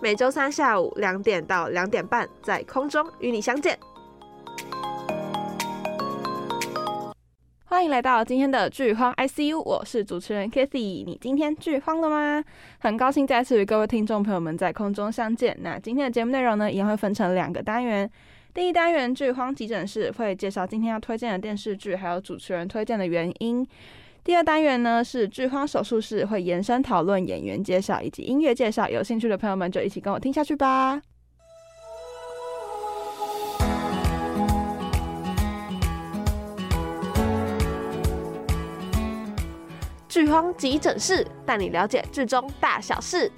每週三下午兩點到兩點半，在空中與你相見。歡迎來到今天的劇荒 ICU，我是主持人 Kathy。你今天劇荒了嗎？很高興再次與各位聽眾朋友們在空中相見。那今天的節目內容呢，一樣會分成兩個單元。第一單元，劇荒急診室會介紹今天要推薦的電視劇，還有主持人推薦的原因。第二單元呢是劇荒手術室，會延伸討論演員介紹以及音樂介紹，有興趣的朋友們就一起跟我聽下去吧。劇荒急診室帶你了解劇中大小事。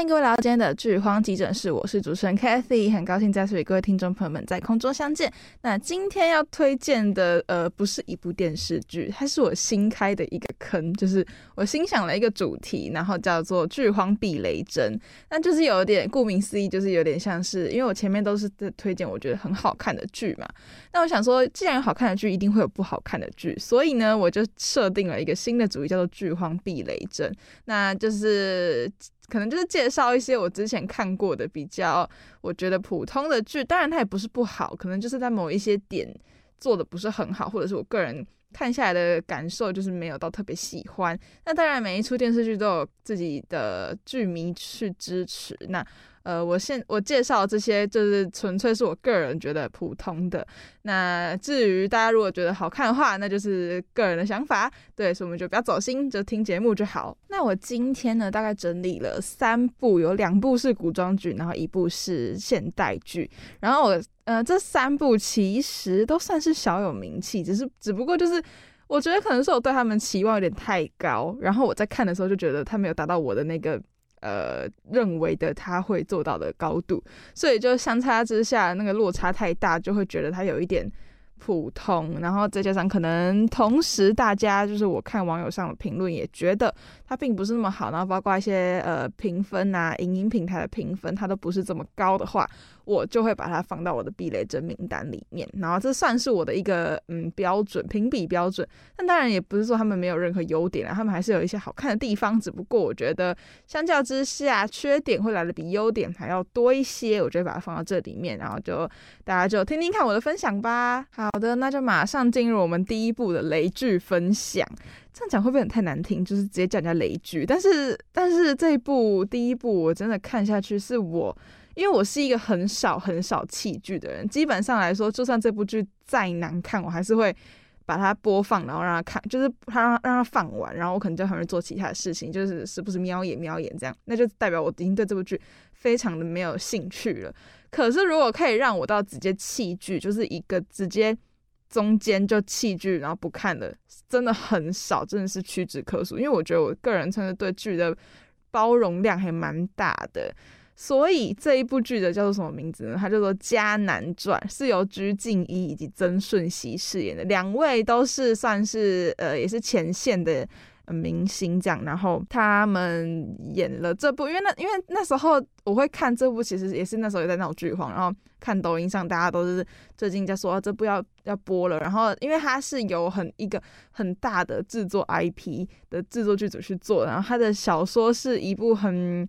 歡迎各位來到今天的劇荒急診室，我是主持人 Kathy，很高興再次與各位聽眾朋友們在空中相見。那今天要推薦的，呃，不是一部電視劇，它是我新開的一個坑，就是我心想了一個主題，然後叫做“劇荒避雷針”。那就是有點，顧名思義，就是有點像是，因為我前面都是在推薦我覺得很好看的劇嘛。那我想說，既然有好看的劇一定會有不好看的劇，所以呢，我就設定了一個新的主題，叫做“劇荒避雷針”。那就是。可能就是介紹一些我之前看過的比較，我覺得普通的劇，當然它也不是不好，可能就是在某一些點做的不是很好，或者是我個人看下來的感受就是沒有到特別喜歡。那當然每一出電視劇都有自己的劇迷去支持那。呃，我現我介紹這些就是純粹是我個人覺得普通的。那至於大家如果覺得好看的話，那就是個人的想法。對，所以我們就不要走心，就聽節目就好。那我今天呢，大概整理了三部，有兩部是古裝劇，然後一部是現代劇。然後我呃，這三部其實都算是小有名氣，只是只不過就是我覺得可能是我對他們期望有點太高，然後我在看的時候就覺得他沒有達到我的那個。呃，認為的他會做到的高度，所以就相差之下那個落差太大，就會覺得他有一點普通。然後再加上可能同時大家就是我看網友上的評論也覺得他並不是那麼好，然後包括一些呃評分啊，影音平台的評分，他都不是這麼高的話，我就會把它放到我的避雷針名單裡面，然後這算是我的一個嗯標準評比標準。但當然也不是說他們沒有任何優點了，他們還是有一些好看的地方，只不過我覺得相較之下，缺點會來的比優點還要多一些。我就會把它放到這裡面，然後就大家就聽聽看我的分享吧。好的，那就馬上進入我們第一部的雷劇分享。這樣講會不會很太難聽？就是直接講叫雷劇，但是但是這一部第一部我真的看下去是我。因為我是一個很少很少棄劇的人，基本上來說，就算這部劇再難看，我還是會把它播放，然後讓它看，就是讓它讓它放完，然後我可能就很會做其他的事情，就是時不時瞄一眼瞄一眼這樣，那就代表我已經對這部劇非常的沒有興趣了。可是如果可以讓我到直接棄劇，就是一個直接中間就棄劇，然後不看的，真的很少，真的是屈指可數。因為我覺得我個人真的對劇的包容量還蠻大的。所以這一部劇的叫做什麼名字呢？它叫做《嘉南傳》，是由鞠婧禕以及曾舜晞飾演的，兩位都是算是呃也是前線的、呃、明星這樣。然後他們演了這部，因為那因為那時候我會看這部，其實也是那時候也在鬧劇荒，然後看抖音上大家都是最近在說、啊、這部要要播了。然後因為它是有很一個很大的制作 IP 的制作劇組去做，然後他的小說是一部很。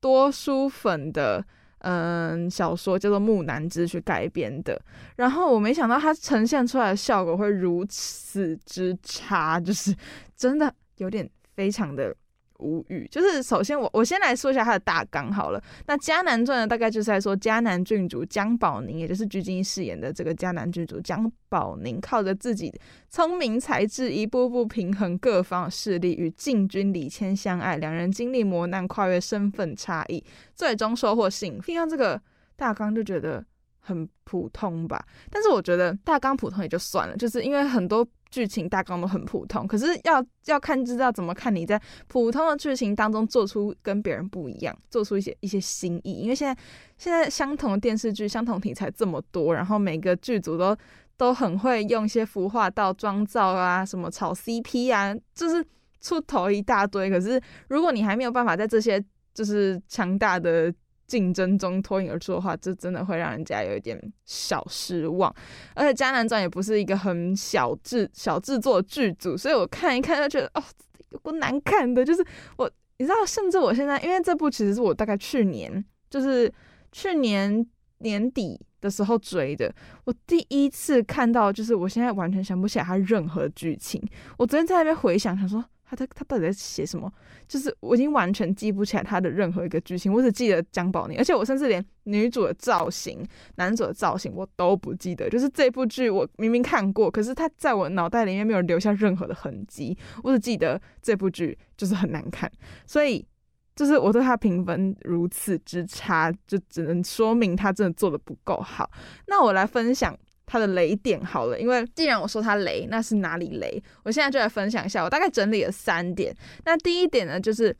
多書粉的嗯小說叫做《慕南枝》去改編的，然後我沒想到它呈現出來的效果會如此之差，就是真的有點非常的。無語，就是首先我我先來說一下它的大綱好了。那《嘉南傳》呢，大概就是在說嘉南郡主江寶寧，也就是鞠婧禕飾演的這個嘉南郡主江寶寧，靠着自己聰明才智，一步步平衡各方勢力，與禁軍李謙相愛，兩人經歷磨難，跨越身份差異，最終收穫幸福。聽這個大綱就覺得很普通吧，但是我覺得大綱普通也就算了，就是因為很多。劇情大綱都很普通，可是要要看知道怎麼看你在普通的劇情當中做出跟別人不一樣，做出一些一些新意。因為現在現在相同的電視劇、相同題材這麼多，然後每個劇組都都很會用一些服化道、妝造啊，什麼炒 CP 啊，就是出頭一大堆。可是如果你還沒有辦法在這些就是強大的。競爭中脫穎而出的話，這真的會讓人家有一點小失望。而且《嘉南傳》也不是一個很小製小製作劇組，所以我看一看就覺得哦，有夠難看的。就是我，你知道，甚至我現在，因為這部其實是我大概去年，就是去年年底的時候追的，我第一次看到，就是我現在完全想不起來他任何劇情。我昨天在那邊回想，想說。他他他到底在寫什麼？就是我已經完全記不起來他的任何一個劇情，我只記得姜寶妮；而且我甚至連女主的造型、男主的造型我都不記得。就是這部劇我明明看過，可是他在我腦袋裡面沒有留下任何的痕跡。我只記得這部劇就是很難看，所以就是我對它評分如此之差，就只能說明他真的做得不夠好。那我來分享。它的雷點好了，因為既然我說它雷，那是哪裡雷？我現在就來分享一下，我大概整理了三點。那第一點呢，就是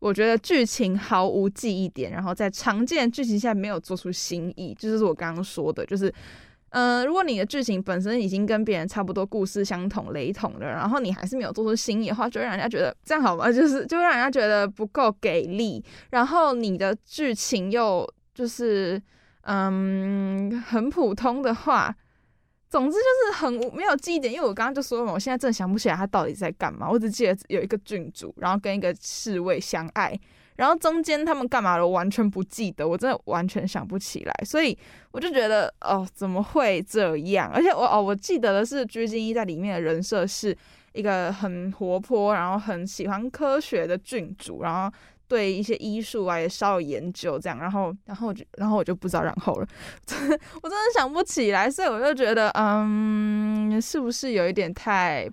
我覺得劇情毫無記憶點，然後在常見劇情下沒有做出新意，就是我剛剛說的，就是嗯、呃，如果你的劇情本身已經跟別人差不多，故事相同雷同了，然後你還是沒有做出新意的話，就讓人家覺得這樣好嗎？就是就讓人家覺得不夠給力，然後你的劇情又就是。嗯，很普通的話，總之就是很沒有記憶點，因為我剛剛就說了嘛，我現在真的想不起來他到底在幹嘛，我只記得有一個郡主，然後跟一個侍衛相愛，然後中間他們幹嘛了，我完全不記得，我真的完全想不起來，所以我就覺得哦，怎麼會這樣？而且我哦，我記得的是鞠婧禕在裡面的人設是一個很活潑，然後很喜歡科學的郡主，然後。對一些醫術啊也稍有研究這樣，然後然後我就然後我就不知道然後了真，我真的想不起來，所以我就覺得嗯，是不是有一點太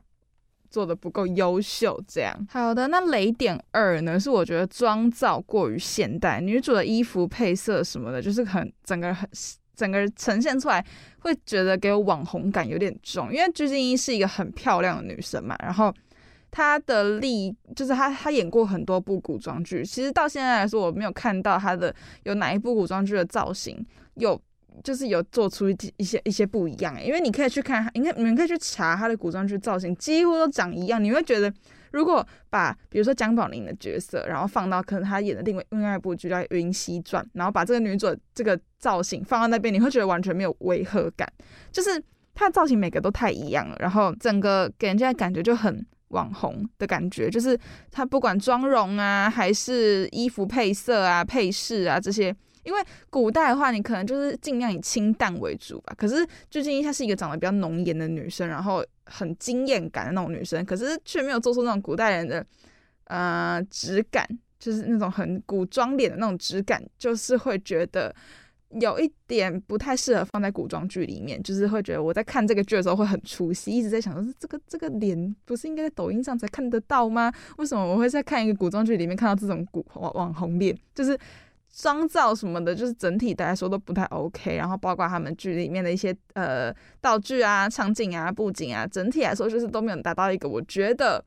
做的不夠優秀這樣？好的，那雷點二呢是我覺得妝造過於現代，女主的衣服配色什麼的，就是很整個很整個呈現出來會覺得給我網紅感有點重，因為鞠婧禕是一個很漂亮的女生嘛，然後。他的例就是他，他演過很多部古裝劇。其實到現在來說，我沒有看到他的有哪一部古裝劇的造型有，就是有做出一些一些不一樣。因為你可以去看，應該你們可以去查他的古裝劇造型，幾乎都長一樣。你會覺得，如果把比如說姜寶玲的角色，然後放到可能他演的另外另外一部劇叫《芸汐傳》，然後把這個女主的這個造型放到那邊，你會覺得完全沒有違和感。就是他的造型每個都太一樣了，然後整個給人家的感覺就很。網紅的感覺，就是她，不管妝容啊，還是衣服配色啊、配飾啊這些，因為古代的話，你可能就是盡量以清淡為主吧。可是鞠婧禕她是一個長得比較濃顏的女生，然後很驚艷感的那種女生，可是卻沒有做出那種古代人的呃質感，就是那種很古裝臉的那種質感，就是會覺得。有一點不太適合放在古裝劇裡面，就是會覺得我在看這個劇的時候會很出戲，一直在想說，說是這個這個臉不是應該在抖音上才看得到嗎？為什麼我會在看一個古裝劇裡面看到這種古網網紅臉？就是妝造什麼的，就是整體大家說都不太 OK。然後包括他們劇裡面的一些呃道具啊、場景啊、布景啊，整體來說就是都沒有達到一個我覺得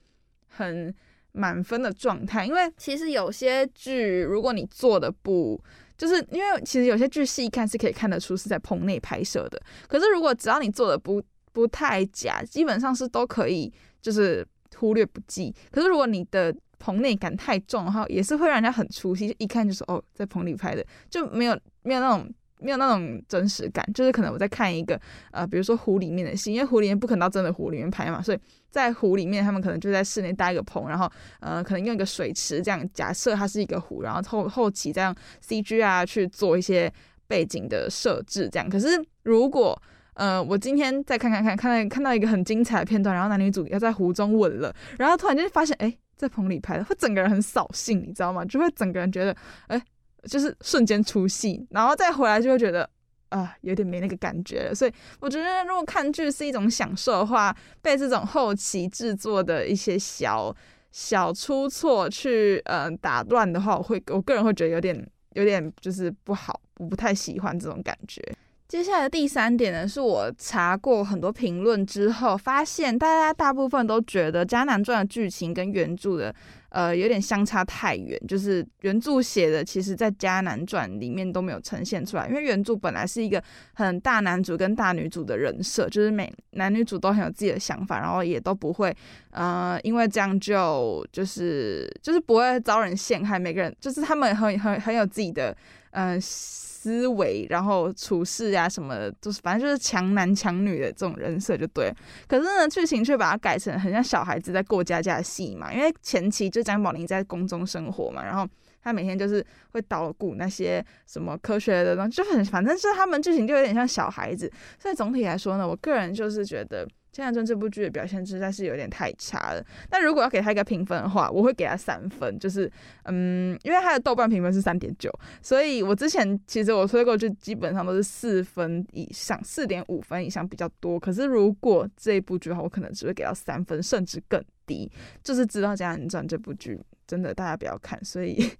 很滿分的狀態。因為其實有些劇如果你做的不就是因為其實有些劇細，一看是可以看得出是在棚內拍攝的，可是如果只要你做的不不太假，基本上是都可以就是忽略不計。可是如果你的棚內感太重的話，也是會讓人家很出戲，一看就是哦，在棚裡拍的，就沒有沒有那種。沒有那種真實感，就是可能我在看一個呃，比如說湖裡面的戲，因為湖裡面不可能到真的湖裡面拍嘛，所以在湖裡面他們可能就在室內搭一個棚，然後呃，可能用一個水池這樣假設它是一個湖，然後後後期這樣 C G 啊去做一些背景的設置這樣。可是如果呃我今天再看看看看看到一個很精彩的片段，然後男女主要在湖中吻了，然後突然間發現哎在棚裡拍的，會整個人很掃興，你知道嗎？就會整個人覺得哎。誒就是瞬間出戲，然後再回來就會覺得，啊、呃，有點沒那個感覺了。所以我覺得，如果看劇是一種享受的話，被這種後期製作的一些小小出錯去，嗯、呃，打亂的話，我會，我個人會覺得有點，有點就是不好，我不太喜歡這種感覺。接下來的第三點呢，是我查過很多評論之後發現，大家大部分都覺得《迦南傳》的劇情跟原著的。呃，有點相差太遠，就是原著寫的，其實在《迦南傳》裡面都沒有呈現出來，因為原著本來是一個很大男主跟大女主的人設，就是每男女主都很有自己的想法，然後也都不會，呃，因為這樣就就是就是不會招人陷害，每個人就是他們很很很有自己的。嗯、呃，思維然後處事啊，什麼的就是反正就是強男強女的這種人設就對了。可是呢，劇情卻把它改成很像小孩子在過家家的戲嘛。因為前期就張寶林在宮中生活嘛，然後他每天就是會搗鼓那些什麼科學的東西，就很反正就是他們劇情就有點像小孩子。所以總體來說呢，我個人就是覺得。《家傳》這部劇的表現實在是有點太差了。那如果要給他一個評分的話，我會給他三分，就是嗯，因為他的豆瓣評分是三點九，所以我之前其實我推過去基本上都是四分以上，四點五分以上比較多。可是如果這一部劇的話，我可能只會給到三分，甚至更低。就是知道《家傳》這部劇真的大家不要看，所以。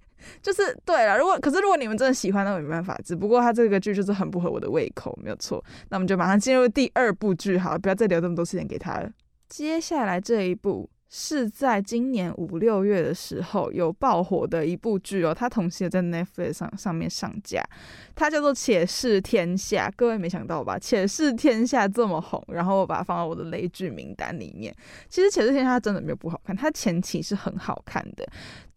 就是對了，如果可是如果你們真的喜歡，那我沒辦法。只不過他這個劇就是很不合我的胃口，沒有錯。那我們就馬上進入第二部劇好了，不要再留這麼多時間給他了。接下來這一部，是在今年五六月的時候有爆火的一部劇哦，它同時也在 Netflix 上上面上架，它叫做《且試天下》。各位沒想到吧，《且試天下》這麼紅，然後我把它放到我的雷劇名單裡面。其實《且試天下》它真的沒有不好看，它前期是很好看的，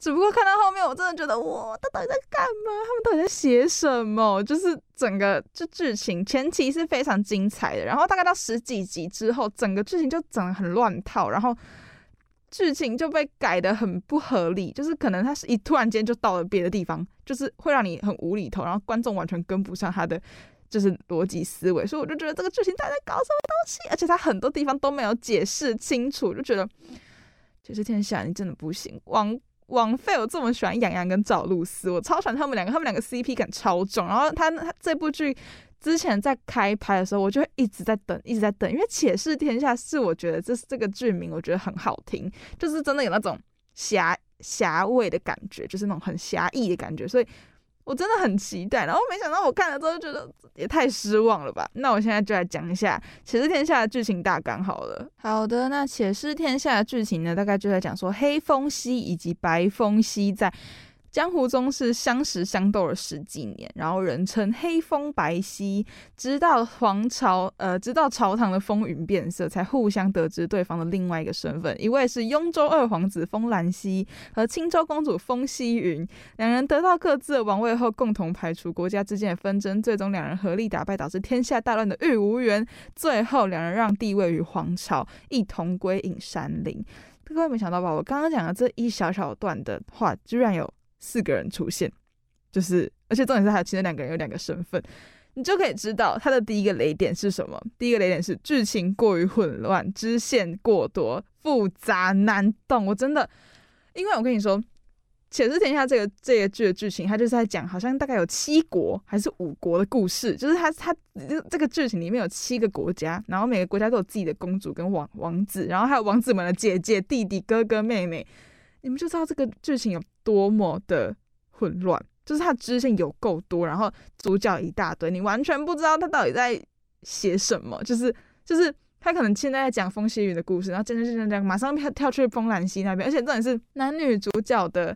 只不過看到後面我真的覺得，哇，它到底在幹嘛？他們到底在寫什麼？就是整個這劇情前期是非常精彩的，然後大概到十幾集之後，整個劇情就整得很亂套，然後。劇情就被改得很不合理，就是可能他是一突然間就到了別的地方，就是會讓你很無厘頭，然後觀眾完全跟不上他的就是邏輯思維，所以我就覺得這個劇情他在搞什麼東西，而且他很多地方都沒有解釋清楚，就覺得，就是天下你真的不行，王。枉費，我這麼喜歡楊洋,洋跟趙露思，我超喜歡他們兩個，他們兩個 CP 感超重。然後他他這部劇之前在開拍的時候，我就一直在等，一直在等，因為《且試天下》是我覺得這是這個劇名，我覺得很好聽，就是真的有那種俠俠味的感覺，就是那種很俠義的感覺，所以。我真的很期待，然後沒想到我看了之後就覺得也太失望了吧。那我現在就來講一下《且試天下》的劇情大綱好了。好的，那《且試天下》的劇情呢，大概就在講說黑風息以及白風息在。江湖中是相識相鬥了十幾年，然後人稱黑風白溪，直到皇朝呃、直到朝堂的風雲變色，才互相得知對方的另外一個身份，一位是雍州二皇子風蘭溪，和青州公主風希雲，兩人得到各自的王位後，共同排除國家之間的紛爭，最終兩人合力打敗導致天下大亂的玉無緣。最後兩人讓帝位與皇朝，一同歸隱山林，各位沒想到吧？我剛剛講的這一小小段的話，居然有。四個人出現，就是，而且重點是還有其他兩個人有兩個身份，你就可以知道他的第一個雷點是什麼？第一個雷點是劇情過於混亂，支線過多，複雜難懂。我真的，因為我跟你說，《且試天下》這個這個劇的劇情，他就是在講好像大概有七國還是五國的故事，就是他他這個劇情裡面有七個國家，然後每個國家都有自己的公主跟王王子，然後還有王子們的姐姐、弟弟、哥哥、妹妹。你們就知道這個劇情有多麼的混亂，就是他支線有夠多，然後主角一大堆，你完全不知道他到底在寫什麼。就是就是他可能現在在講風夕雲的故事，然後漸漸漸漸講，馬上跳跳去風蘭溪那邊，而且重點是男女主角的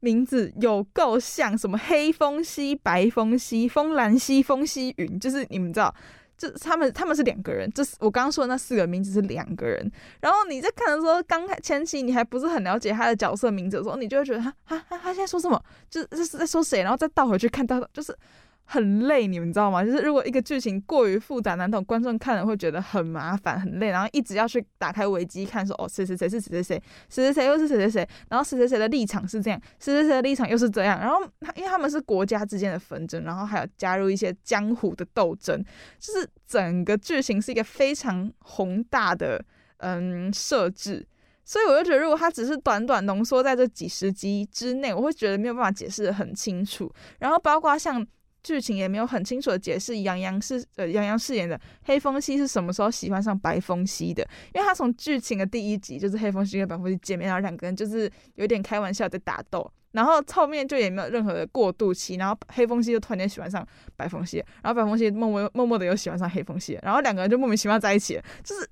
名字有夠像，什麼黑風溪、白風溪、風蘭溪、風夕雲，就是你們知道。就他們，他們是兩個人。這，就是我剛剛說的那四個名字是兩個人。然後你在看的時候，剛開前期你還不是很了解他的角色名字的時候，你就會覺得他他他他現在說什麼？就是是在說誰？然後再倒回去看到就是。很累，你們知道嗎？就是如果一個劇情過於複雜難懂，觀眾看了會覺得很麻煩、很累，然後一直要去打開維基看說，說哦誰誰誰是誰誰誰，誰誰誰又是誰誰誰，然後誰誰誰的立場是這樣，誰誰誰的立場又是這樣，然後因為他們是國家之間的紛爭，然後還有加入一些江湖的鬥爭，就是整個劇情是一個非常宏大的嗯設置，所以我就覺得如果它只是短短濃縮在這幾十集之內，我會覺得沒有辦法解釋得很清楚，然後包括像。劇情也沒有很清楚的解釋，楊洋，洋是呃楊洋飾演的黑豐息是什麼時候喜歡上白風夕的？因為他從劇情的第一集就是黑豐息跟白風夕見面，然後兩個人就是有點開玩笑在打鬥，然後後面就也沒有任何的過渡期，然後黑豐息就突然間喜歡上白風夕，然後白風夕默，默默默默的又喜歡上黑豐息，然後兩個人就莫名其妙在一起了，就是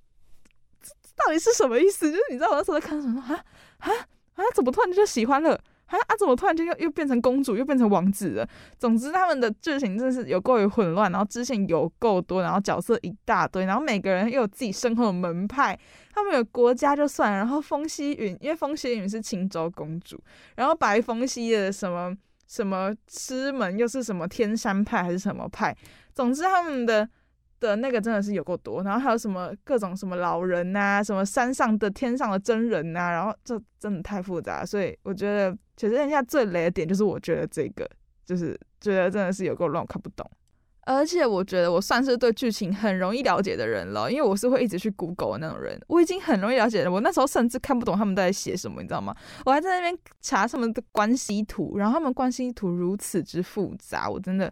這到底是什麼意思？就是你知道我那時候在看什麼啊啊啊？怎麼突然就喜歡了？他說啊，怎麼突然間又又變成公主，又變成王子了？總之，他們的劇情真的是有過於混亂，然後支線有夠多，然後角色一大堆，然後每個人又有自己身後的門派，他們有國家就算，然後風夕雲，因為風夕雲是青州公主，然後白風夕的什麼什麼師門又是什麼天山派還是什麼派？總之，他們的。的那個真的是有夠多，然後還有什麼各種什麼老人吶、啊，什麼山上的天上的真人吶、啊，然後這真的太複雜，所以我覺得其實人家最雷的點就是我覺得這個就是覺得真的是有夠亂，我看不懂，而且我覺得我算是對劇情很容易了解的人了，因為我是會一直去 Google 的那種人，我已經很容易了解了，我那時候甚至看不懂他們在寫什麼，你知道嗎？我還在那邊查他們的關係圖，然後他們關係圖如此之複雜，我真的。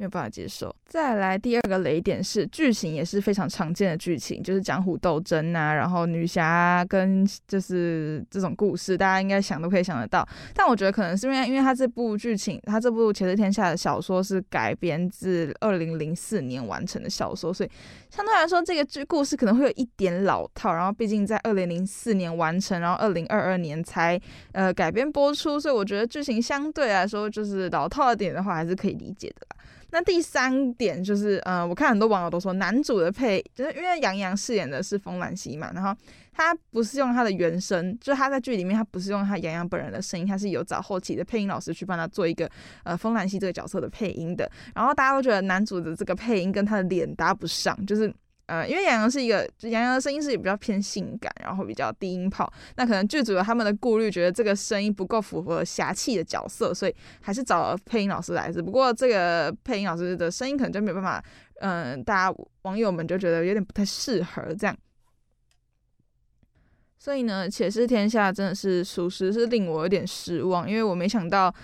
沒有辦法接受。再來第二個雷點是劇情也是非常常見的劇情，就是江湖鬥爭啊，然後女俠、啊、跟就是這種故事，大家應該想都可以想得到。但我覺得可能是因為，因為它這部劇情，它這部《且試天下》的小說是改編自二零零四年完成的小說，所以相對來說這個劇故事可能會有一點老套。然後畢竟在二零零四年完成，然後二零二二年才呃改編播出，所以我覺得劇情相對來說就是老套一點的話，還是可以理解的吧。那第三點就是，呃，我看很多網友都說，男主的配，就是因為楊洋飾演的是豐蘭息嘛，然後他不是用他的原聲，就是他在劇裡面他不是用他楊洋，洋本人的聲音，他是有找後期的配音老師去幫他做一個呃豐蘭息這個角色的配音的，然後大家都覺得男主的這個配音跟他的臉搭不上，就是。呃，因為楊洋是一個楊洋的聲音是比較偏性感，然後比較低音炮。那可能劇組有他們的顧慮，覺得這個聲音不夠符合俠氣的角色，所以還是找了配音老師來。只不過這個配音老師的聲音可能就沒辦法，嗯、呃，大家網友們就覺得有點不太適合這樣。所以呢，且試天下真的是屬實是令我有點失望，因為我沒想到。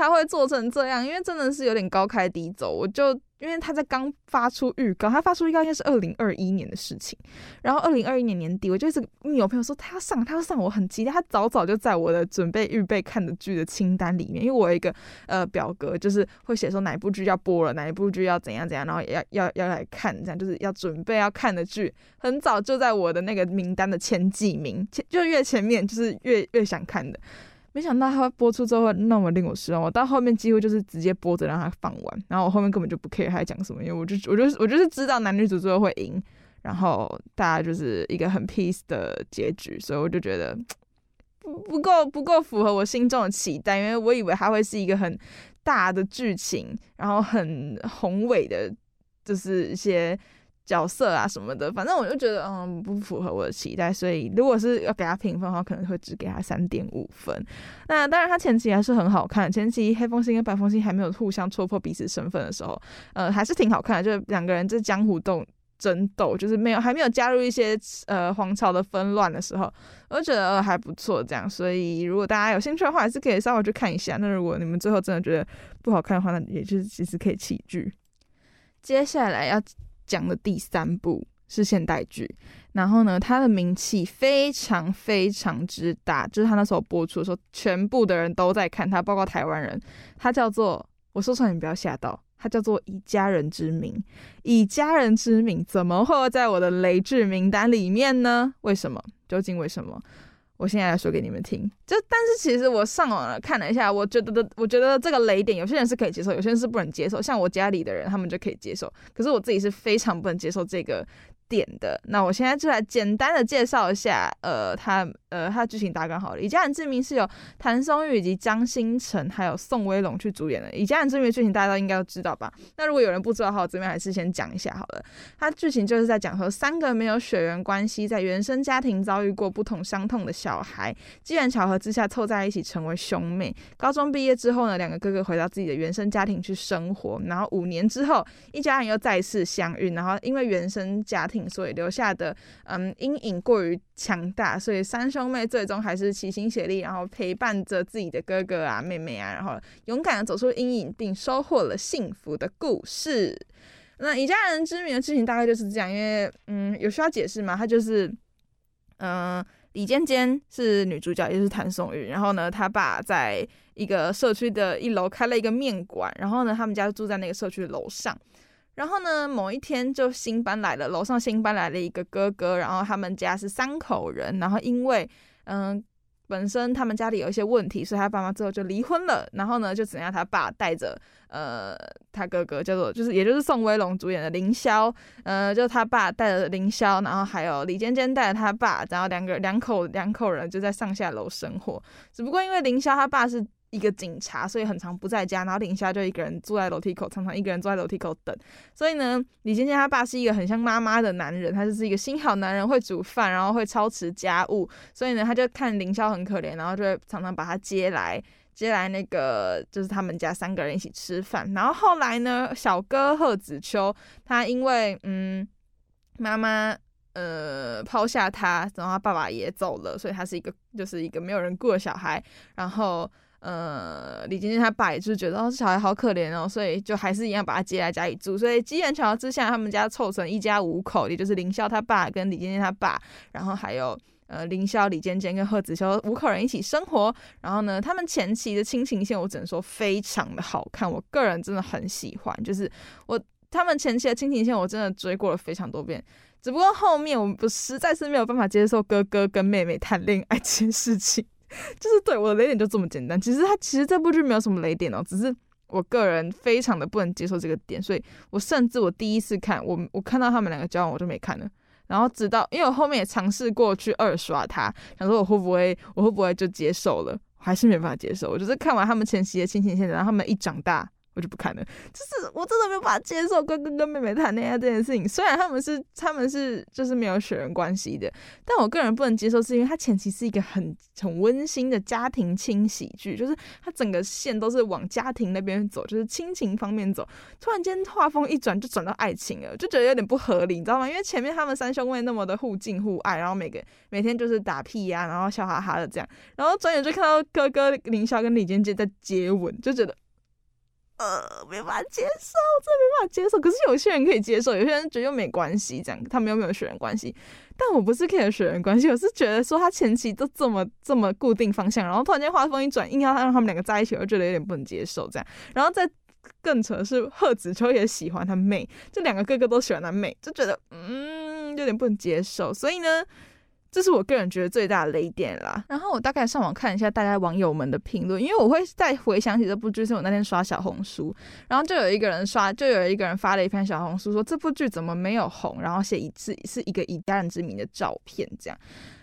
他會做成這樣，因為真的是有點高開低走。我就因為他在剛發出預告，他發出預告應該是二零二一年的事情。然後二零二一年年底，我就是有朋友說他要上，他要上，我很期待。他早早就在我的準備預備看的劇的清單裡面，因為我有一個呃表格，就是會寫說哪一部劇要播了，哪一部劇要怎樣怎樣，然後要要要來看這樣，就是要準備要看的劇，很早就在我的那個名單的前幾名，前就越前面就是越越想看的。沒想到它播出之後會那麼令我失望，我到後面幾乎就是直接播着讓它放完，然後我後面根本就不 care 它在講什麼，因為我就我就是、我就是知道男女主最後會贏，然後大家就是一個很 peace 的結局，所以我就覺得不不夠不夠符合我心中的期待，因為我以為它會是一個很大的劇情，然後很宏偉的，就是一些。角色啊什麼的，反正我就覺得，嗯，不符合我的期待，所以如果是要給他評分的話，可能會只給他三點五分。那當然，他前期還是很好看，前期黑豐息跟白風夕還沒有互相戳破彼此身份的時候，呃還是挺好看的，就是兩個人就是江湖鬥爭鬥，就是沒有還沒有加入一些呃皇朝的紛亂的時候，我就覺得，呃，還不錯。這樣，所以如果大家有興趣的話，還是可以稍微去看一下。那如果你們最後真的覺得不好看的話，那也就是其實可以棄劇。接下來要。講的第三部是現代劇，然後呢，他的名氣非常非常之大，就是他那時候播出的時候，全部的人都在看他，包括台灣人。他叫做，我說出來你不要嚇到。他叫做以家人之名《以家人之名》，《以家人之名》怎麼會在我的雷劇名單裡面呢？為什麼？究竟為什麼？我現在來說給你們聽，就但是其實我上網看了一下，我覺得的，我覺得這個雷點，有些人是可以接受，有些人是不能接受。像我家裡的人，他們就可以接受，可是我自己是非常不能接受這個。點的，那我現在就來簡單的介紹一下，呃，他呃，他的劇情大概好了。《以家人之名》是由譚松韻以及張新成還有宋威龍去主演的。《以家人之名》的劇情大家都應該都知道吧？那如果有人不知道的話，我這邊還是先講一下好了。他劇情就是在講說，三個沒有血緣關係，在原生家庭遭遇過不同傷痛的小孩，機緣巧合之下湊在一起成為兄妹。高中畢業之後呢，兩個哥哥回到自己的原生家庭去生活，然後五年之後，一家人又再次相遇，然後因為原生家庭。所以留下的嗯，陰影過於強大，所以三兄妹最終還是齊心協力，然後陪伴着自己的哥哥啊、妹妹啊，然後勇敢的走出陰影，並收穫了幸福的故事。那以家人之名的事情大概就是這樣，因為嗯有需要解釋嗎？他就是嗯、呃、李尖尖是女主角，也就是譚松韻，然後呢他爸在一個社區的一樓開了一個麵館，然後呢他們家住在那個社區的樓上。然後呢，某一天就新搬來了，樓上新搬來了一個哥哥。然後他們家是三口人。然後因為，嗯、呃，本身他們家裡有一些問題，所以他爸媽之後就離婚了。然後呢，就只能讓他爸帶着，呃，他哥哥叫做，就是也就是宋威龍主演的凌霄，呃，就他爸帶着凌霄，然後還有李尖尖帶着他爸，然後兩個兩口兩口人就在上下樓生活。只不過因為凌霄他爸是。一個警察，所以很常不在家，然後林蕭就一個人住在樓梯口，常常一個人坐在樓梯口等。所以呢，李尖尖他爸是一個很像媽媽的男人，他就是一個新好男人，會煮飯，然後會操持家務。所以呢，他就看林蕭很可憐，然後就會常常把他接來，接來那個就是他們家三個人一起吃飯。然後後來呢，小哥賀子秋他因為嗯媽媽呃拋下他，然後他爸爸也走了，所以他是一個就是一個沒有人顧的小孩，然後。呃，李尖尖他爸也就是覺得哦，這小孩好可憐哦，所以就還是一樣把他接來家裡住。所以機緣巧合之下，他們家湊成一家五口，也就是凌霄他爸跟李尖尖他爸，然後還有呃凌霄、林李尖尖跟賀子秋五口人一起生活。然後呢，他們前期的親情線我只能說非常的好看，我個人真的很喜歡，就是我他們前期的親情線我真的追過了非常多遍，只不過後面我實在是沒有辦法接受哥哥跟妹妹談戀愛這件事情。就是對，我的雷點就這麼簡單。其實他其實這部劇沒有什麼雷點哦，只是我個人非常的不能接受這個點，所以我甚至我第一次看我我看到他們兩個交往我就沒看了。然後直到因為我後面也嘗試過去二刷它，想說我會不會我會不會就接受了，我還是沒辦法接受。我就是看完他們前期的親情線，然後他們一長大。我就不看了，就是我真的沒有辦法接受哥哥跟妹妹談戀愛這件事情。雖然他們是他們是就是沒有血緣關係的，但我個人不能接受，是因為它前期是一個很很溫馨的家庭輕喜劇，就是它整個線都是往家庭那邊走，就是親情方面走。突然間畫風一轉就轉到愛情了，就覺得有點不合理，你知道嗎？因為前面他們三兄妹那麼的互敬互愛，然後每個每天就是打屁呀、啊，然後笑哈哈的這樣，然後轉眼就看到哥哥凌霄跟李尖尖在接吻，就覺得。呃，沒法接受，真的沒辦法接受。可是有些人可以接受，有些人覺得又沒關係，這樣他們又沒有血緣關係。但我不是看血緣關係，我是覺得說他前期都這麼這麼固定方向，然後突然間畫風一轉，硬要他讓他們兩個在一起，我就覺得有點不能接受。這樣，然後再更扯的是賀子秋也喜歡他妹，這兩個哥哥都喜歡他妹，就覺得嗯有點不能接受。所以呢。這是我個人覺得最大的雷點啦。然後我大概上網看一下大家網友們的評論，因為我會再回想起這部劇。是我那天刷小紅書，然後就有一個人刷，就有一個人發了一篇小紅書說，說這部劇怎麼沒有紅？然後寫一次是一個以家人之名的照片這樣。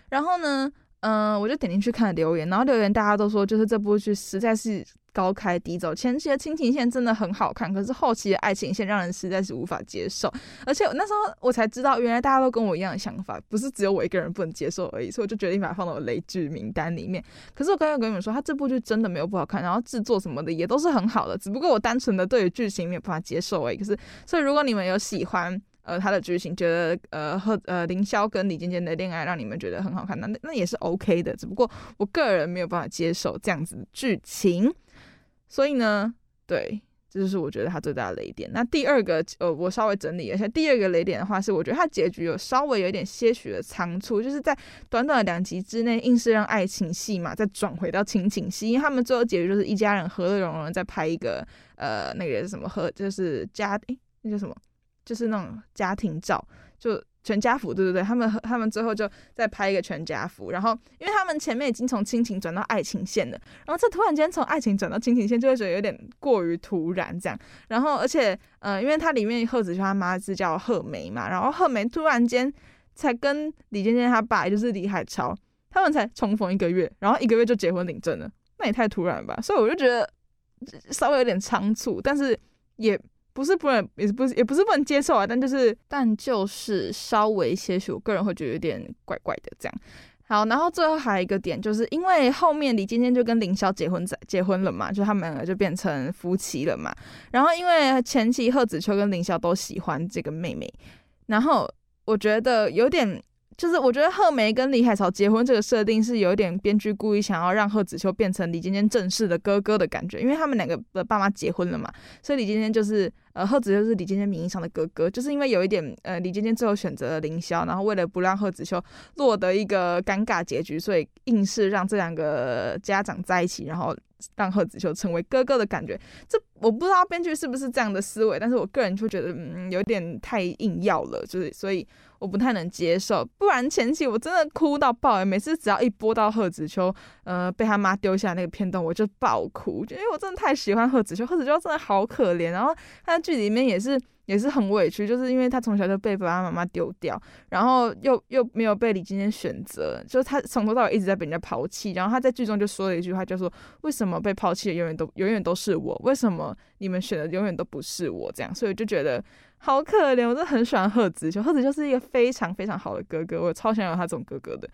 然後呢，嗯、呃，我就點進去看了留言，然後留言大家都說，就是這部劇實在是。高開低走，前期的親情線真的很好看，可是後期的愛情線讓人實在是無法接受。而且我那時候我才知道，原來大家都跟我一樣的想法，不是只有我一個人不能接受而已。所以我就決定把它放到我雷劇名單裡面。可是我剛剛跟你們說，它這部劇真的沒有不好看，然後製作什麼的也都是很好的，只不過我單純的對於劇情沒有辦法接受而已。可是，所以如果你們有喜歡，呃，他的劇情覺得呃，和呃，凌霄跟李尖尖的戀愛讓你們覺得很好看，那那那也是 OK 的，只不過我個人沒有辦法接受這樣子劇情，所以呢，對，這就是我覺得他最大的雷點。那第二個，呃，我稍微整理一下，第二個雷點的話是，我覺得他結局有稍微有一點些許的倉促，就是在短短的兩集之內，硬是讓愛情戲嘛再轉回到親情戲，因為他們最後結局就是一家人和樂融融在拍一個呃那個什麼和就是家哎、欸、那叫什麼？就是那種家庭照，就全家福，對對對，他們他們最後就在拍一個全家福，然後因為他們前面已經從親情轉到愛情線了，然後這突然間從愛情轉到親情線，就會覺得有點過於突然這樣。然後而且，嗯、呃，因為它裡面賀子秋他媽是叫賀梅嘛，然後賀梅突然間才跟李尖尖他爸，也就是李海潮，他們才重逢一個月，然後一個月就結婚領證了，那也太突然了吧，所以我就覺得稍微有點倉促，但是也，不是不能，也不是也不是不能接受啊，但就是但就是稍微些許，我個人會覺得有點怪怪的這樣。好，然後最後還有一個點，就是因為後面李尖尖就跟凌霄結婚在結婚了嘛，就他們兩個就變成夫妻了嘛。然後因為前期賀子秋跟凌霄都喜歡這個妹妹，然後我覺得有點。就是我覺得賀梅跟李海潮結婚這個設定是有一點編劇故意想要讓賀子秋變成李尖尖正式的哥哥的感覺，因為他們兩個的爸媽結婚了嘛，所以李尖尖就是呃賀子秋是李尖尖名義上的哥哥，就是因為有一點呃李尖尖最後選擇了凌霄，然後為了不讓賀子秋落得一個尷尬結局，所以硬是讓這兩個家長在一起，然後讓賀子秋成為哥哥的感覺，這我不知道編劇是不是這樣的思維，但是我個人就覺得，嗯，有點太硬要了，就是所以。我不太能接受，不然前期我真的哭到爆呀、欸！每次只要一播到賀子秋，呃，被他媽丟下那個片段，我就爆哭，就因為我真的太喜歡賀子秋，賀子秋真的好可憐。然後他在劇裡面也是也是很委屈，就是因為他從小就被爸爸媽媽丟掉，然後又又沒有被李尖尖選擇，就是他從頭到尾一直在被人家拋棄。然後他在劇中就說了一句話，就說為什麼被拋棄的永遠都永遠都是我？為什麼你們選的永遠都不是我？這樣，所以我就覺得。好可憐，我真的很喜歡賀子秋，賀子秋是一個非常非常好的哥哥，我超想要他這種哥哥的。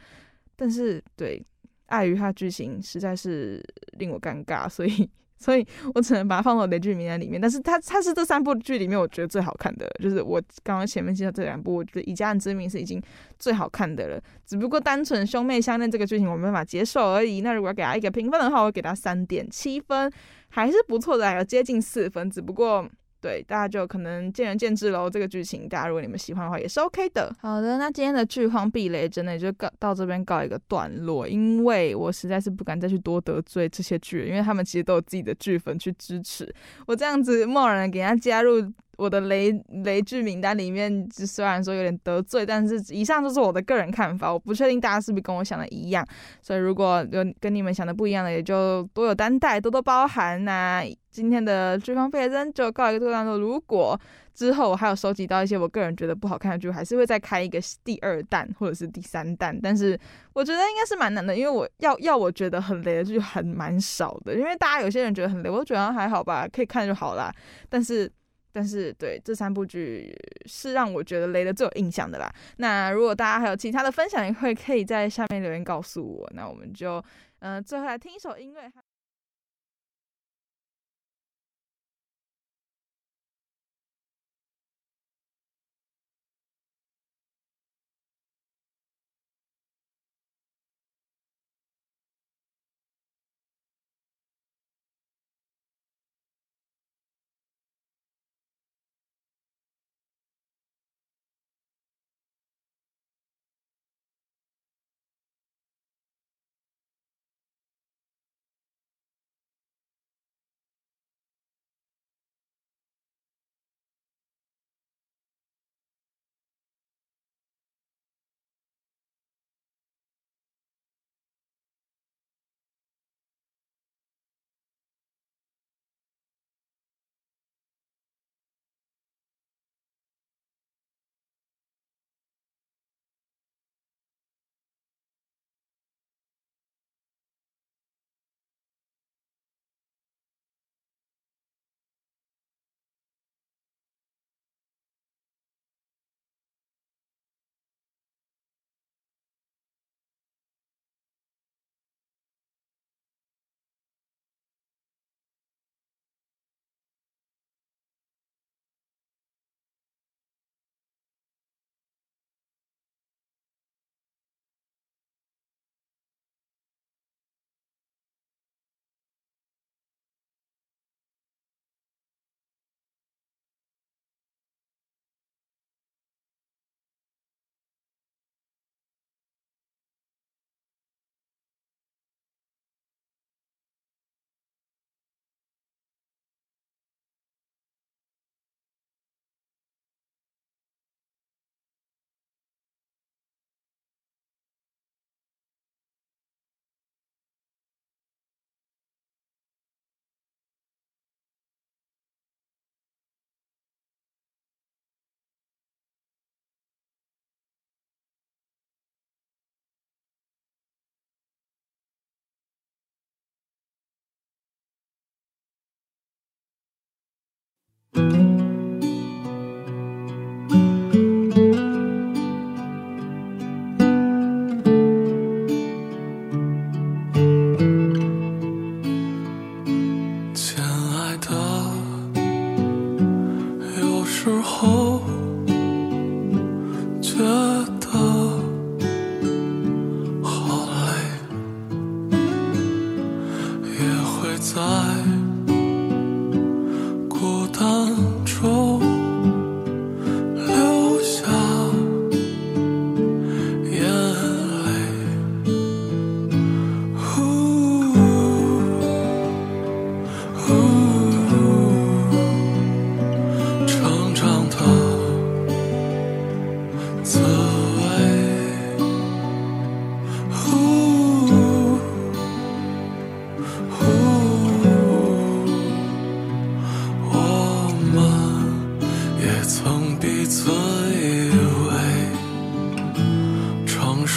但是，對，礙於他劇情實在是令我尷尬，所以，所以我只能把他放到雷劇名單裡面。但是他，他他是這三部劇裡面我覺得最好看的，就是我剛剛前面介紹這兩部，我覺得《以家人之名》是已經最好看的了，只不過單純兄妹相戀這個劇情我沒辦法接受而已。那如果要給他一個評分的話，我給他三點七分，還是不錯的，還有接近四分，只不過。對，大家就可能見仁見智嘍。這個劇情，大家如果你們喜歡的話，也是 OK 的。好的，那今天的劇荒避雷真的也就告到這邊告一個段落，因為我實在是不敢再去多得罪這些劇，因為他們其實都有自己的劇粉去支持。我這樣子貿然給人家加入，我的雷雷劇名單裡面，雖然說有點得罪，但是以上就是我的個人看法。我不確定大家是不是跟我想的一樣，所以如果有跟你們想的不一樣的，也就多有擔待，多多包涵吶、啊。今天的追劇廢人就告一個段落。如果之後我還有收集到一些我個人覺得不好看的劇，還是會再開一個第二彈或者是第三彈。但是我覺得應該是蠻難的，因為我要要我覺得很雷的劇很蠻少的，因為大家有些人覺得很雷，我覺得還好吧，可以看就好啦。但是。但是，對，這三部劇是讓我覺得雷的最有印象的啦。那如果大家還有其他的分享，也會可以在下面留言告訴我。那我們就，嗯、呃，最後來聽一首音樂。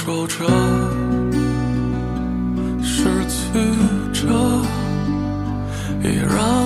守着，失去着，也讓